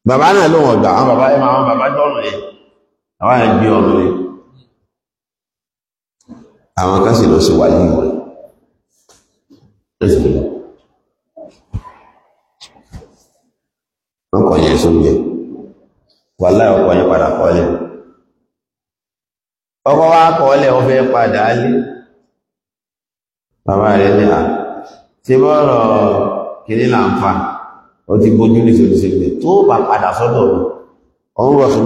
bàbá náà ló wọ̀n gbà àwọn bàbá ẹ̀ máa wọn bàbá jọ́nù rẹ̀ àwọn ẹ̀ gbé ọ̀nù rẹ̀ àwọn kan sì lọ sí wáyé wọn wọ́n kọ̀ yẹn sóúnjẹ wà láì ọkọ̀ yẹn padà kọ́lẹ̀ ọkọ̀ wá kọ́lẹ̀ ó padà lé bàbá rẹ̀ ní à bọ́rọ̀ ó ti bójú ní tó bá padà sọ́dọ̀ mi ọ̀hún rọ̀ kò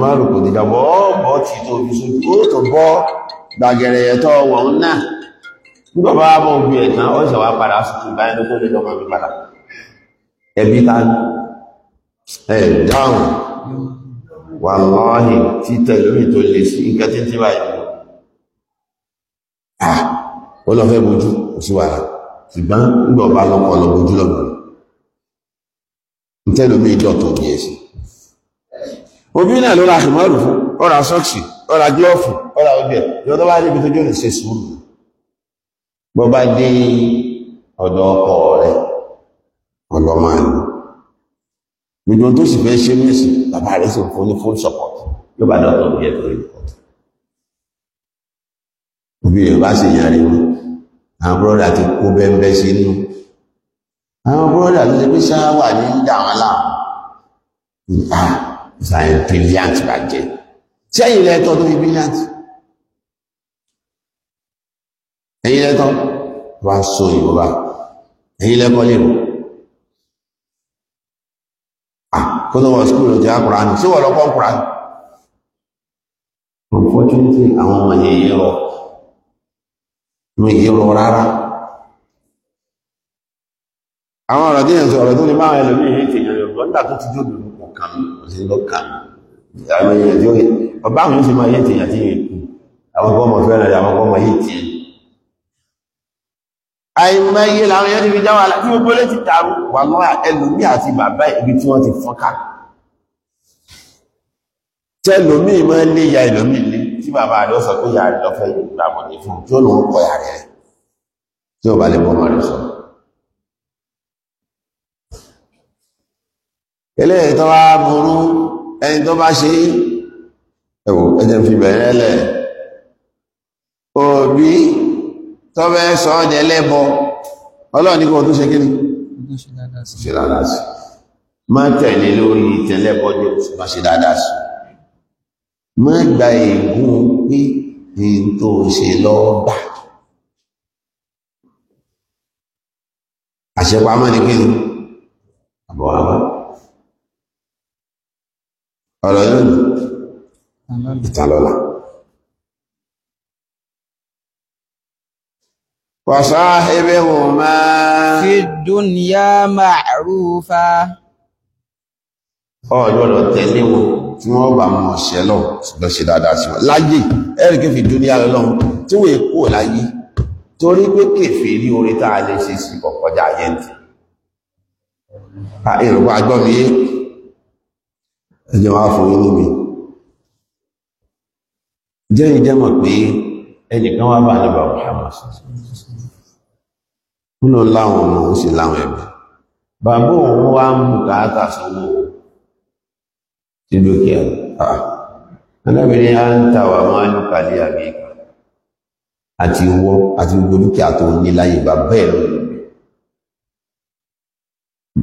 bọ́ bọ́ ti tó fi tó tó bọ́ gbàgẹ̀rẹ̀ náà bọ́ ẹ̀tàn ó padà sùn ẹbí ta ẹ̀ dáhùn wà lọ́ọ̀hìn títẹ̀ lórí tó lè sí nǹkan tí tí báyìí à ó lọ fẹ́ bojú kò sí wàrà ṣùgbọ́n nígbà ọba lọ́kọ̀ lọ bojú lọ́gbọ̀n ń tẹ́lómi ìdọ̀tọ̀ ní ẹ̀sìn òbí náà ló ra àṣìmọ́rù fún ọ̀rà sọ́ọ̀sì ọ̀rà gíọ́fù ọ̀rà ọgbẹ̀ yọ́ tó bá níbi tó jẹ́ òrìṣẹ́ sùúrù bọ́ bá dé ọ̀dọ̀ ọkọ rẹ̀ ọlọ́mọ ẹ̀ gbogbo tó sì fẹ́ ṣe mẹ́sì bàbá rẹ̀ sì fún ní full support yóò bá dọ́tọ̀ bí ẹ̀tọ́ report òbí rẹ̀ bá sì yàrí wọn àwọn bọ́ọ̀dà ti kó bẹ́ẹ̀ sí inú àwọn bọ́ọ̀dà tó ṣe pé ṣáwà ní dà wọn láàmú ìta ìsàyẹn brilliant bàjẹ́ sẹ́yìn lẹ́tọ́ tó fi brilliant ẹ̀yìn lẹ́tọ́ wá so ìwọ́ba ẹ̀yìn lẹ́kọ́ lè rò kó tó wọn skúl sí wọ́n lọ́kọ́ kùránì unfortunately àwọn ọmọ yẹn yìí rọ mi yìí rọ rárá àwọn ọ̀rọ̀ tí yẹn tó ní máa ẹlòmíì yìí ti yẹn lọ nígbà tó ti jó lòlù kọ̀ kàn sí lọ àwọn èèyàn tí ó ọba àwọn yóò ṣe máa tí yẹn kù àwọn ọmọ fẹ́ràn àwọn ọmọ yìí tiẹ̀ àìmọye làwọn èèyàn ti fi jáwà láti gbogbo lé ti tààrù wà lọ́wà ẹlòmí àti bàbá ibi tí wọ́n ti fọ́nká tí ẹlòmí mọ́ lé ya ẹlòmí lé tí bàbá rẹ̀ sọ pé ya rẹ̀ lọ́fẹ́ ìgbàmọ̀ ní fún tí ó lòun kọ ya rẹ̀ tí ó bá lè bọ́mọ rẹ̀ sọ eléyìí tó bá burú ẹni tó bá ṣe ẹwò ẹjẹ fi bẹ̀rẹ̀ lẹ̀ òbí tọ́bẹ̀ sọ ọdẹ lẹ́bọ ọlọ́run ní kò tó ṣe kí ni ṣe dáadáa sí má tẹ̀lé lórí ìtẹ̀lẹ́bọ ní bá ṣe dáadáa sí má gba ègún pé èyí tó ṣe lọ́ọ́ gbà àṣepamọ́ ni kí ni àbọ̀ ọ̀rọ̀ yóò ní ìtàlọ́lá وصاحبهما في الدنيا معروفا ọ gbọ́dọ̀ tẹ̀lé wọn tí wọ́n bá mọ̀ ṣẹ́ lọ ṣùgbọ́n ṣe dáadáa sí wọn láyé ẹ̀rì kẹfì dúníà lọ́lọ́run tí wọ́n èkó láyé torí pé kẹfì rí orí tá a lè ṣe sí ọ̀kọjá ayẹ́ntì ìrùkọ́ agbọ́mi yé ẹjọ́ wá fún yín níbi jẹ́ ìjẹ́mọ̀ pé ẹnìkan wá bá níbà Muhammad ó lọ láwọn ọmọ òun sì láwọn ẹbí bàbá òun wá ń bùkátà sanwó sí dúkìá ah. alábìnrin á ń ta wà máa ń kàlẹ́ àbí àti wọ́ àti gbogbo dúkìá tó ní láyé bàbá ẹ̀ lónìí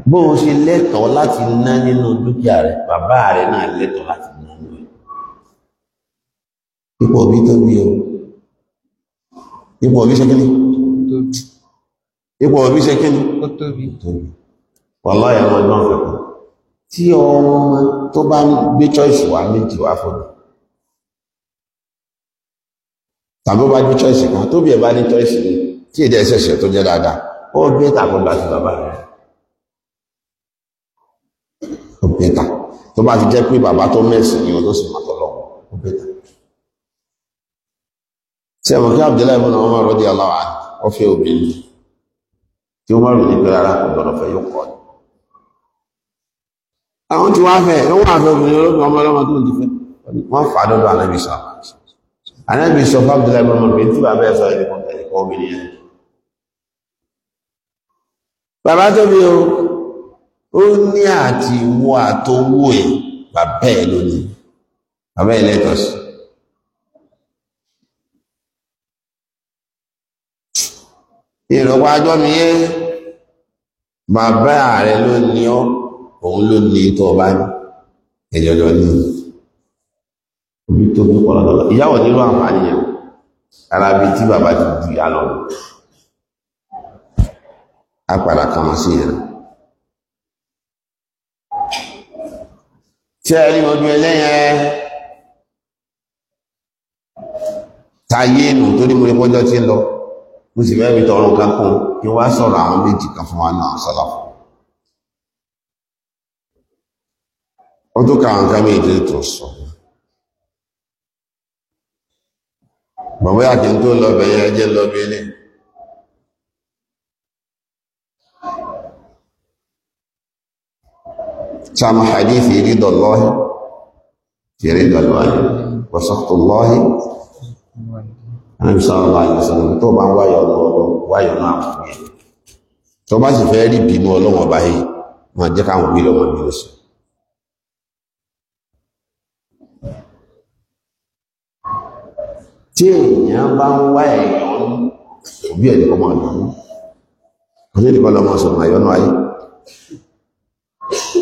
bó o ṣe lẹ́tọ̀ọ́ láti ná nínú dúkìá rẹ̀ bàbá rẹ̀ náà lẹ́tọ̀ọ́ láti ná nínú ẹ̀ ipò òbí tó bí o ipò òbí ṣe kíní ipò òbí ṣe kíní ó tóbi wàlá ìyàwó ọdún ọ̀fẹ́kọ̀ tí ọmọ tó bá ń gbé choice wá méjì wá fún mi tàbí bá ní choice kan tóbi ẹ̀ bá ní choice ni tí èdè ẹ̀ṣẹ̀ṣẹ̀ tó jẹ́ dáadáa ó gbé tàbí bá ti bàbá rẹ̀ ó gbé tà tó bá ti jẹ́ pé bàbá tó mẹ́sìn ni ó tó sì mọ̀ tọ́lọ́ ó gbé tà ṣe mọ̀ kí Abdullahi ibn Umar radiyallahu anhu ọfẹ́ obìnrin tí ó mọ̀rún ní pẹ̀lú ara kò gbọ́dọ̀ fẹ́ yóò kọ́ ni àwọn tí wá fẹ́ ló wà fẹ́ obìnrin olóògùn ọmọ ọlọ́mọ tó ń dìfẹ́ wọ́n fà á dọ́dọ̀ anábì sọ anábì sọ fún Abdullahi ibn Umar pé tí bàbá ẹ̀ sọ ẹ̀ kọ́ ẹ̀ kọ́ obìnrin yẹn bàbá tó o ó ní àti wo àtowó ẹ̀ bàbá ẹ̀ lónìí bàbá ẹ̀ lẹ́tọ̀ọ́ ìrọ̀pá ajọ́ mi yé bàbá rẹ̀ ló ní ọ́ òun ló ní tó bá ní ẹ̀yọ̀yọ̀ ní orí tó bí pọ̀lọ̀lọ̀ ìyáwó nínú àǹfààní yẹn ara bí tí bàbá ti ju ìyá lọ a padà kàn sí yẹn tí ẹ rí ojú ẹlẹ́yẹn tayé nù torí mo rí pọ́jọ́ tí ń lọ mo sì fẹ́ fi tọrọ nǹkan kún kí wọ́n sọ̀rọ̀ àwọn méjì kan fún wa náà sọ́lá fún ó tó ka nǹkan méjì tó sọ bàbá yàtí tó lọ bẹ̀yẹ ẹjẹ́ lọ bí ilé سامع حديث يريد الله يريد الوالد وسخط الله àmì sọ́rọ̀ àyọ̀sọ̀rọ̀ tó bá ń wáyọ̀ ọlọ́ọ̀lọ́ wáyọ̀ náà fún ẹ̀ tó bá sì fẹ́ rí bínú ọlọ́wọ̀n báyìí wọn jẹ́ káwọn bí lọ́wọ́ bí lọ́sọ̀ tí èèyàn bá ń wá ẹ̀yọ́ òbí ẹ̀ nìkan máa lọ́wọ́ ọjọ́ nìkan lọ́mọ sọ̀rọ̀ àyọ́nú ayé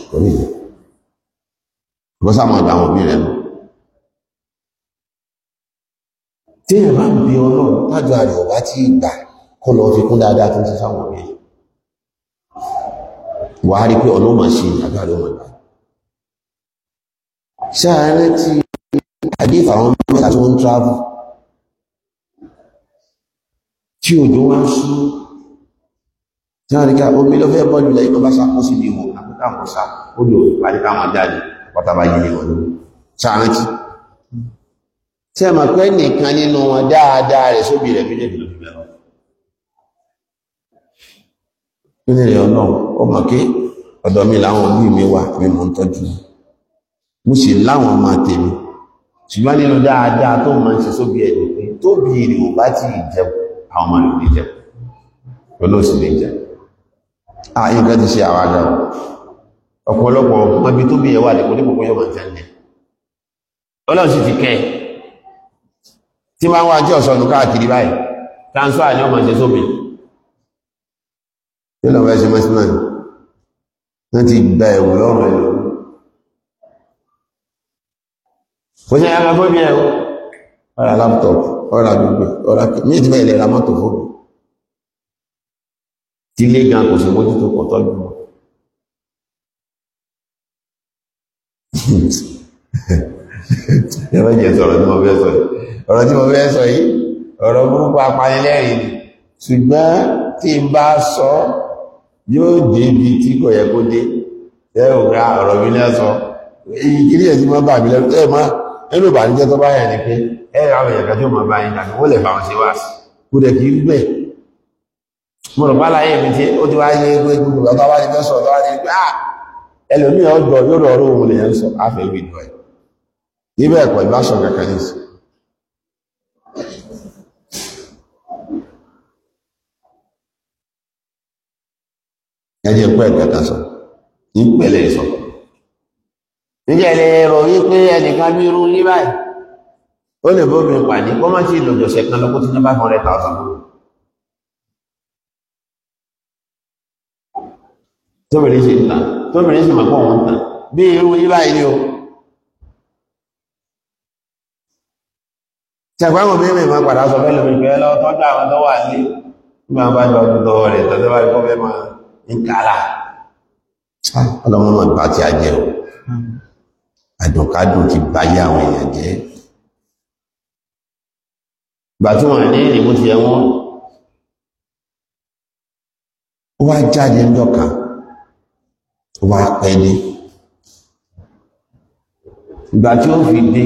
kò ní ìbọ́sà máa dà àwọn òbí rẹ̀ lọ téèyàn bá ń bí ọlọ́run tájú àrẹ ọ̀bá tí ìgbà kọ́ lọ fi kún dáadáa tó ń ṣe fáwọn ọmọ yìí wà á rí pé ọlọ́run máa ṣe àgbàdo wọn gbà ṣáàrẹ́ tí àdéhùn àwọn mẹ́ta tó ń travel tí òjò wá ń sú sáàríká omi ló fẹ́ bọ́ọ̀lù lẹ́yìn bá sá kó sí ìwò àpótá àwọn sá ó lò ìpàdé káwọn jáde pátábá yìí wọn ló sáàrántí tí a mọ̀ pé nìkan nínú wọn dáadáa rẹ̀ sóbi rẹ̀ bí lẹ́bí lóbi mẹ́rọ nínú rẹ̀ ọ̀nà ó mọ̀ pé ọ̀dọ̀ mi láwọn òbí mi wà mi mọ̀ ń tọ́jú mo sì láwọn ọmọ tèmi ṣùgbọ́n nínú dáadáa tó máa ń ṣe sóbi ẹ̀ ní pé tóbi rẹ̀ ò bá ti jẹun àwọn ọmọ rẹ̀ ò ní jẹun olóòsì lè jẹun ààyè nǹkan ti ṣe àwọn àgbà ọ̀pọ̀lọpọ̀ ọmọbi tóbi ẹ̀ wà lẹ́kọ̀ọ́ dípò pé yọ ọlọ́run sì ti kẹ́ ẹ̀ tí máa ń wá jẹ́ ọ̀sọ̀nù káàkiri báyìí transfer ní ọmọ ṣe sómi tí lọ fẹ́ ṣe mọ́sílẹ̀ náà ti gba ẹ̀wù lọ́rùn ẹ̀lú kò ṣe ẹ̀rọ fún mi ẹ̀wù ọ̀rà laptop ọ̀rà gbogbo ọ̀rà mí ti bẹ́ẹ̀ lè ra mọ́tò fún mi tí lé gan kò sí mójú *laughs* ọ̀rọ̀ tí mo fẹ́ sọ yìí ọ̀rọ̀ burúkú apanilẹ́rìn ni ṣùgbọ́n tí n bá sọ yóò débi tí kò yẹ kó dé ẹ ò ra ọ̀rọ̀ mi lẹ́sọ̀ọ́ ìkìlì ẹ̀sìn máa bà mí lẹ́nu ẹ̀ máa ẹnu ìbànújẹ́ tó bá yẹ̀ ni pé ẹ̀ àwọn èèyàn kan tí ó máa bá yín dàbí wọ́n lè bá wọn ṣe wá sí kó dẹ̀ kí gbẹ̀ mo rò pálá yẹ̀ mi tí ó ti wá yé pé gbogbo ọ̀tá wá ti fẹ́ sọ̀rọ̀ tó wá ti gbà ẹjẹ́ pẹ́ ìkẹta sọ ìpẹ̀lẹ̀ sọ níjẹ̀lẹ̀ rọ̀ wípé ẹnìkan bí irú yí báyìí ó lè bóbi pàdé kó má ti lòdò sẹ́kan lọ́kó tí náà bá fọ́n rẹ̀ ta ọ̀sán tóbìnrin sì ta tóbìnrin sì mọ̀kọ́ wọn ta bí irú yí báyìí ni o tẹ̀gbọ́n mi mi máa padà sọ fẹ́ lómi pé lọ́tọ́jú àwọn tó wà ní ìgbà bá jọ ọdún tọwọ́ rẹ̀ tọ́jú bá rí máa nkàrà ah, ọlọ́mọ ìgbà tí a jẹ́ o àdùnkádùn ti báyé àwọn èèyàn jẹ́ ìgbà tí wọ́n ní ìrìnbó ti ẹ̀wọ́n ó wá jáde ńjọ́ kan ó wá pẹ́ dé ìgbà tí ó fi dé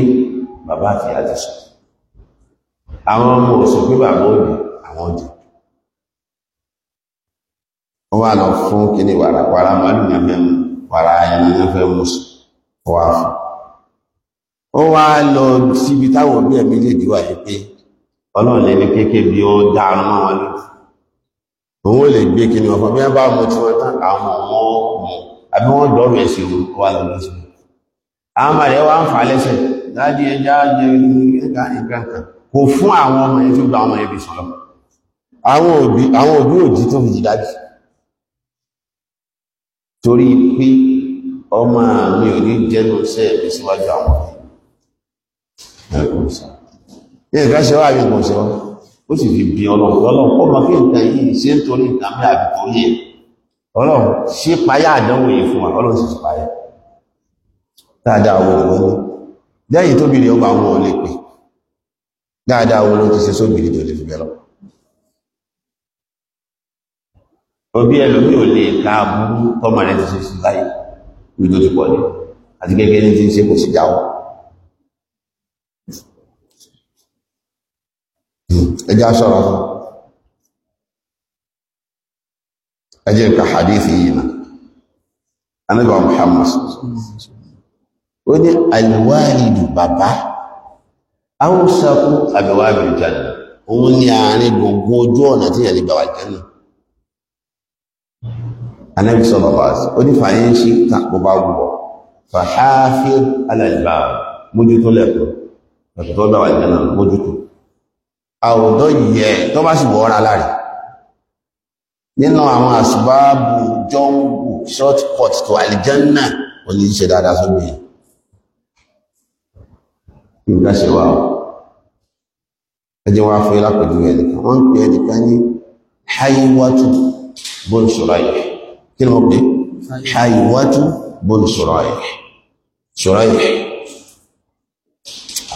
bàbá àti àjẹsọ àwọn ọmọ òsùn pé bàbá òdì àwọn òdì wọ́n wà lọ fún kí ní wàrà wàrà màálù ní afẹ́ mú wàrà ayé ní afẹ́ mú wà fún ó wá lọ síbi táwọn òbí ẹ̀mí lè dí wà yìí pé ọlọ́run lè ní kéèké bí ó dáa mọ́ wọn lójú òun ó lè gbé kí ni ọ̀fọ̀ bí wọ́n bá mú tí wọ́n tán àwọn ọmọ ọmọ àbí wọ́n dọ́rùn ẹ̀sìn wà lọ́dún sí àwọn màdé wa ń fà lẹ́sẹ̀ láti ẹja jẹ nígbà nǹkan kan kò fún àwọn ọmọ yẹn tó gba ọmọ yẹn bí sọlọ àwọn òbí àwọn òbí òjì tó fi jìdájì torí pé ọmọ mi ò ní jẹ́nu iṣẹ́ mi síwájú àwọn ẹ̀kọ́ ṣe wá àbíkùn ṣe wọ́n ó sì fi bí ọlọ́run ọlọ́run kọ́ mọ́ kí nǹkan yìí ṣe ń torí nǹkan mi àbí tó yé ọlọ́run ṣe payá àdánwò yìí fún wa ọlọ́run sì payá dáadáa wo ló ní lẹ́yìn tóbi rẹ̀ ọba wọn ò lè pè dáadáa wo ló ti ṣe sóbìrì tó lè fi bẹ̀rẹ̀ òbí ẹlòmí ò lè ká burú tọ́mọ rẹ̀ ti ṣe sí láyé ibi tó ti pọ̀ ní àti gẹ́gẹ́ ní ti ń ṣe kò sí jáwọ́ ẹjá ṣọ́ra fún ẹjẹ́ nǹkan hadith yìí na anábà Muhammad ó ní alwáàlìdù bàbá áwùsàkú àbẹ̀wà àbẹ̀jẹ̀ òun ni àárín gbogbo ojú ọ̀nà tí ìyẹn wà jẹ́ náà anabi sọ̀rọ̀ bá sí ó ní fàyín sí ta bó bá wù ọ́ fàáfí alàìbá mójútó lẹ́kọ̀ọ́ ẹ̀kọ́ tó bá wà nìkan náà mójútó àwùjọ yẹ tó bá sì wọ́ra láre nínú àwọn àṣùbáàbù jọ́ǹgù short cut to aljanna ò ní ṣe dáadáa sóbi yìí nǹkan ṣe wà ó ẹjẹ́ wá fún ilápẹ̀jú ẹnìkan wọ́n ń pè ẹnìkan ní haiwatu bóńsùráyìí kí ló pè Haywatu bun Shuraih Shuraih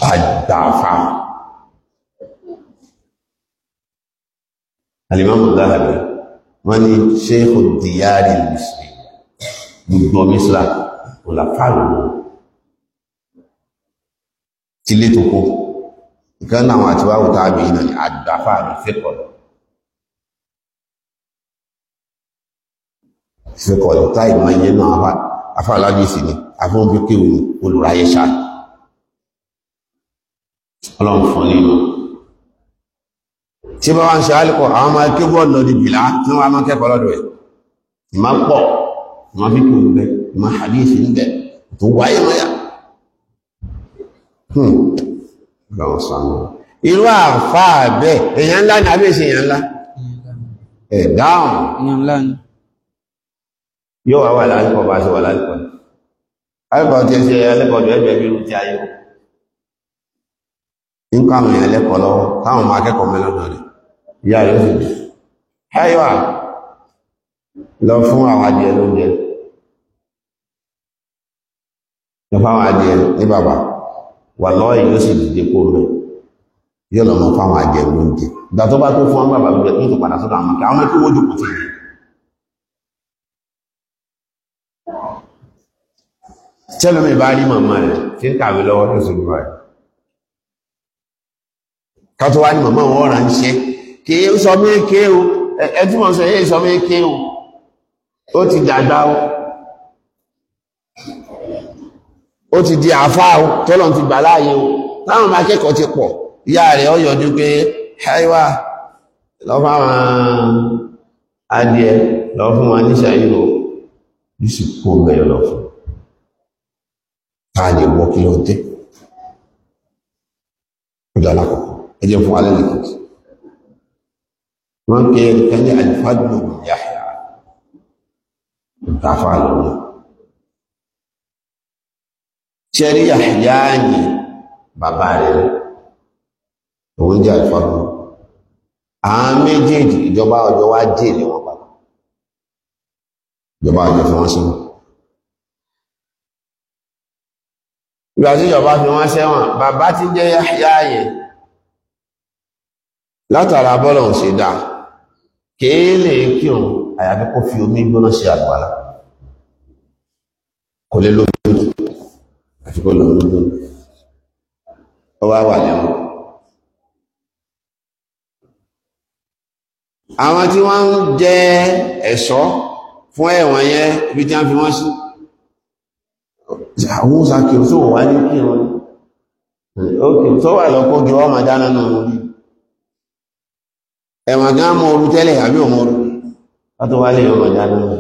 àgbàfà alimami Dhahabi wọ́n ní sheikhu diyari misri gbogbo misra olàfààlù tilé tó kó ìkan náà àti wáwò tàbí ìnà àgbàfà àti fẹ́kọ̀ọ́ ìfẹ́kọ̀ ọ̀tá ìmọ̀ yẹn náà afá aládìsí ni afọ́n bí kéwì ni olùráyé ṣá ọlọ́run fún nínú tí bá wá ń ṣe alìkọ̀ àwọn ọmọ ẹkẹ́ bọ́ lọ di bìlá tí wọ́n máa kẹ́kọ̀ọ́ lọ́dọ̀ ẹ̀ ìmá pọ̀ ìmá fíkì òun bẹ ìmá hadith ń bẹ tó wáyé mọ́yà hmm. irú àfáà bẹ́ẹ̀ èèyàn ńlá ni àbí èsì èèyàn ńlá ẹ̀ dáhùn èèyàn ńlá ni yóò wá wà lálùkọ̀ bá ṣe wà lálùkọ̀ alùkọ̀ tí ẹ ṣe alẹ́kọ̀ọ́dọ̀ ẹgbẹ́ bí irú ti ayé o nǹkan àwọn èèyàn lẹ́kọ̀ọ́ lọ́wọ́ táwọn ọmọ akẹ́kọ̀ọ́ mẹ́lọ́dọ̀ rẹ̀ ìyá rẹ̀ sì ẹ̀yọ́ lọ fún àwọn adìẹ lóúnjẹ lọ adìẹ ní bàbá wà yóò sì dìde kó mẹ́ yóò lọ mọ adìẹ lóúnjẹ ìgbà tó bá tó fún bàbá lóúnjẹ tó tó padà sọ́dọ̀ àwọn ọmọ tẹ́lómi bá rí màmá rẹ̀ tí ń kàwé lọ́wọ́ ní oṣù lùwà rẹ̀ kátó wá ní màmá wọn rà ń ṣe kí é sọ mí ké o ẹtí mọ̀ sọ yé sọ mí ké o ó ti dàgbà o ó ti di àáfàá o tọ́lọ̀ ti gbà láàyè o táwọn ọmọ akẹ́kọ̀ọ́ ti pọ̀ ìyá rẹ̀ ó yọjú pé ṣáíwá lọ fáwọn adìẹ lọ fún wọn níṣàyẹ̀wò yusuf kò bẹ̀rẹ̀ lọ fún ta lè wọ kí ló dé ọjà alákọ̀ọ́kọ́ ẹ jẹ́ fún alẹ́ nìkejì wọ́n pe ẹnìkan ní alifáàdùn yàhìá ìtafà lọ́wọ́ ṣẹ́rí yàhìá yìí bàbá rẹ̀ òun jẹ́ alifáàdùn àwọn méjèèjì ìjọba ọjọ́ wa dé ní wọn bàbá ìjọba ọjọ́ fún wọn sínú ìgbà tí ìjọba fi wọ́n sẹ́wọ̀n bàbá ti jẹ́ yáyẹ̀ látara bọ́lọ̀ ṣe dá kéèlè kí òun àyàfi kó fi omi gbóná ṣe àgbàlá kò lè lóòdù àti kò lóòdù ó wá wà ní ọmọ àwọn tí wọ́n ń jẹ́ ẹ̀ṣọ́ fún ẹ̀wọ̀n yẹn ibi tí wọ́n fi wọ́n sí àwọn òsàkì tó wà ní kí wọn ókè tó wà lọ́pọ̀ jù ọmọ dáná náà wọn rí ẹ̀wọ̀n gan mọ oru tẹ́lẹ̀ àbí ọmọ oru látọ́ wá lè ọmọ dáná náà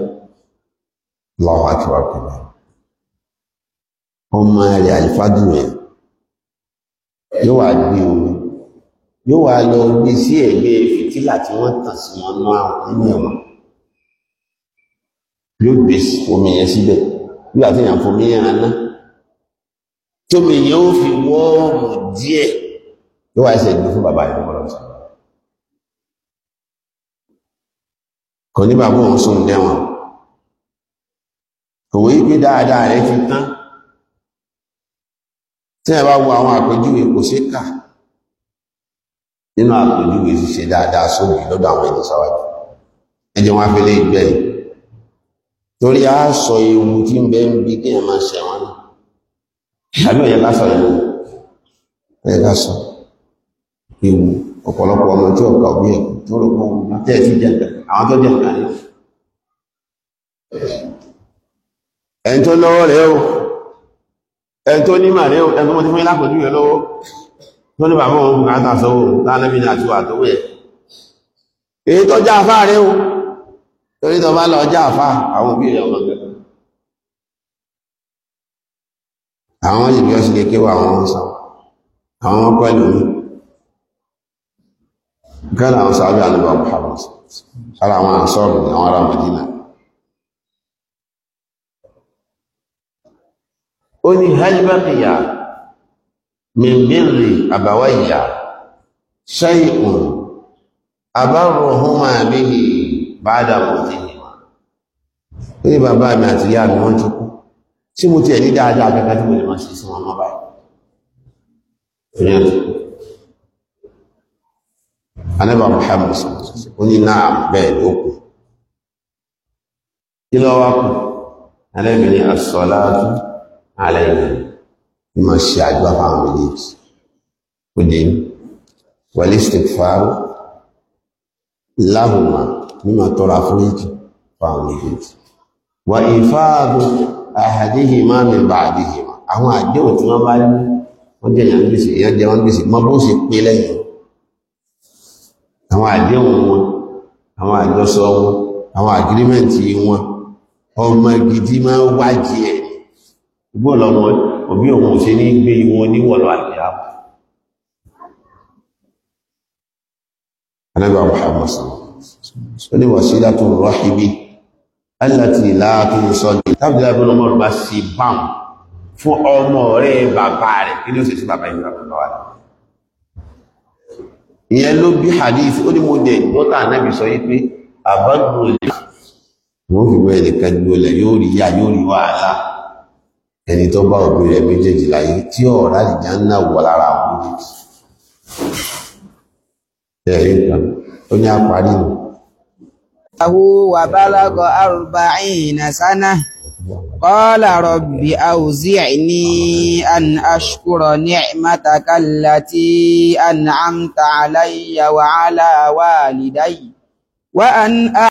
lọ́wọ́ àkíwákùnrin ọmọ rẹ̀ àlìfájú rẹ̀ yóò wá gbé omi yóò wá lọ gbé sí ẹ̀gbẹ́ fìtílà tí wọ́n tàn sí wọn náà nínú ẹ̀wọ̀n yóò gbé omi yẹn síbẹ̀ nígbà tí èèyàn fomi àná tómi èèyàn ó fi wọ́ọ̀mù díẹ̀ ló wá ẹsẹ̀ ìdúró fún bàbá yìí lọ́wọ́ lọ́sọ̀ kò ní bàbá òun sùn dẹ́wọ̀n òwe yìí pé dáadáa rẹ̀ fi tán tí ẹ bá wo àwọn àpèjúwe kò ṣe kà nínú àpèjúwe ṣiṣẹ́ dáadáa sóbì lọ́dọ̀ àwọn ẹni sáwájú ẹjẹ wọn afẹ́lẹ́ ìgbẹ́yìn torí a sọ ewu tí ń bẹ ń bí kí ẹ máa ṣẹ̀wọ̀n náà àbí ọ̀yẹ́ lásán ewu ẹ̀ lásán ewu ọ̀pọ̀lọpọ̀ ọmọ tí ọ̀gá òbí ẹ̀kọ́ tó rò pọ̀ ọmọ tẹ́ ẹ̀ ti jẹ́ àwọn tó jẹ́ nǹkan yìí ẹni tó lọ́wọ́ rẹ̀ o ẹni tó ní màrẹ́ o ẹni tó fún ìlàpọ̀jú rẹ̀ lọ́wọ́ tó ní bàbá òun kàtà sọ́wọ́ lánàbí ní àtiwà tó wẹ̀ èyí tó já afá rẹ̀ o torí tó bá lọ já àfá àwọn òbí ẹ̀yọ́ mọ̀gẹ́ àwọn ìbí ọ̀sìn kéèké wà àwọn sọ àwọn ọkọ̀ ẹ̀lú mi gẹ́lá àwọn sàábẹ̀ àlùbà Muhammad sára àwọn àṣọ́rù àwọn ará Madina ó ní halibakiya mìírì àbáwáyà ṣẹ́yìn àbárò hùmà bíi báadà wọ́n ti ní wọn ní bàbá mi àti ìyá mi wọ́n ti kú tí mo ti ẹ̀ ní dáadáa gẹ́gẹ́ tí mo lè máa ṣe sí wọn mọ́ báyìí anẹ́bà Muhammad ó ní náà bẹ́ẹ̀ ló kù kí lọ wá kù anẹ́bì ní asọ́láàtú alẹ́ ní ma ṣe àjọ àwọn méjèèjì ó dé wọlé stepfaru láhùnmáà mímọ̀ tọrọ àforíjì fáwọn méjèèjì wà ìfáàbù àhàdíhìmá mi bà àdíhìmá àwọn àdéhùn tí wọ́n bá ní wọ́n jẹ́ èèyàn gbèsè èèyàn jẹ́ wọ́n gbèsè mọ́ bó ṣe pé lẹ́yìn àwọn àdéhùn wọn àwọn àjọsọ wọn àwọn àgírímẹ̀ntì wọn ọmọ gidi máa ń wájì ẹ̀ gbọ́ lọ́mọ òbí òun ò ṣe ní gbé wọn níwọ̀lọ́ àgbéyàwó anábàá Muhammad sallallahu ó ní wàsílà tó rọ́ ibi aláti ìlàtò sọ́dí tábìlì abúlé ọmọ bá sí bám fún ọmọ rẹ̀ bàbá rẹ̀ kí ni ó sì sí bàbá ìlú àbúrò wa ìyẹn ló bí hadith ó ní mo dẹ̀ ìgbọ́ta anábì sọ yìí pé àbádùn lè wọ́n fi ẹni tó bá òbí rẹ̀ méjèèjì láyé tí ọ̀rá ìjà ń náà wọ lára àwọn méjèèjì ẹ̀rí nǹkan ó ní àparí nù وبلغ أربعين سنة قال رب أوزعني أن أشكر نعمتك التي أنعمت علي وعلى والدي وأن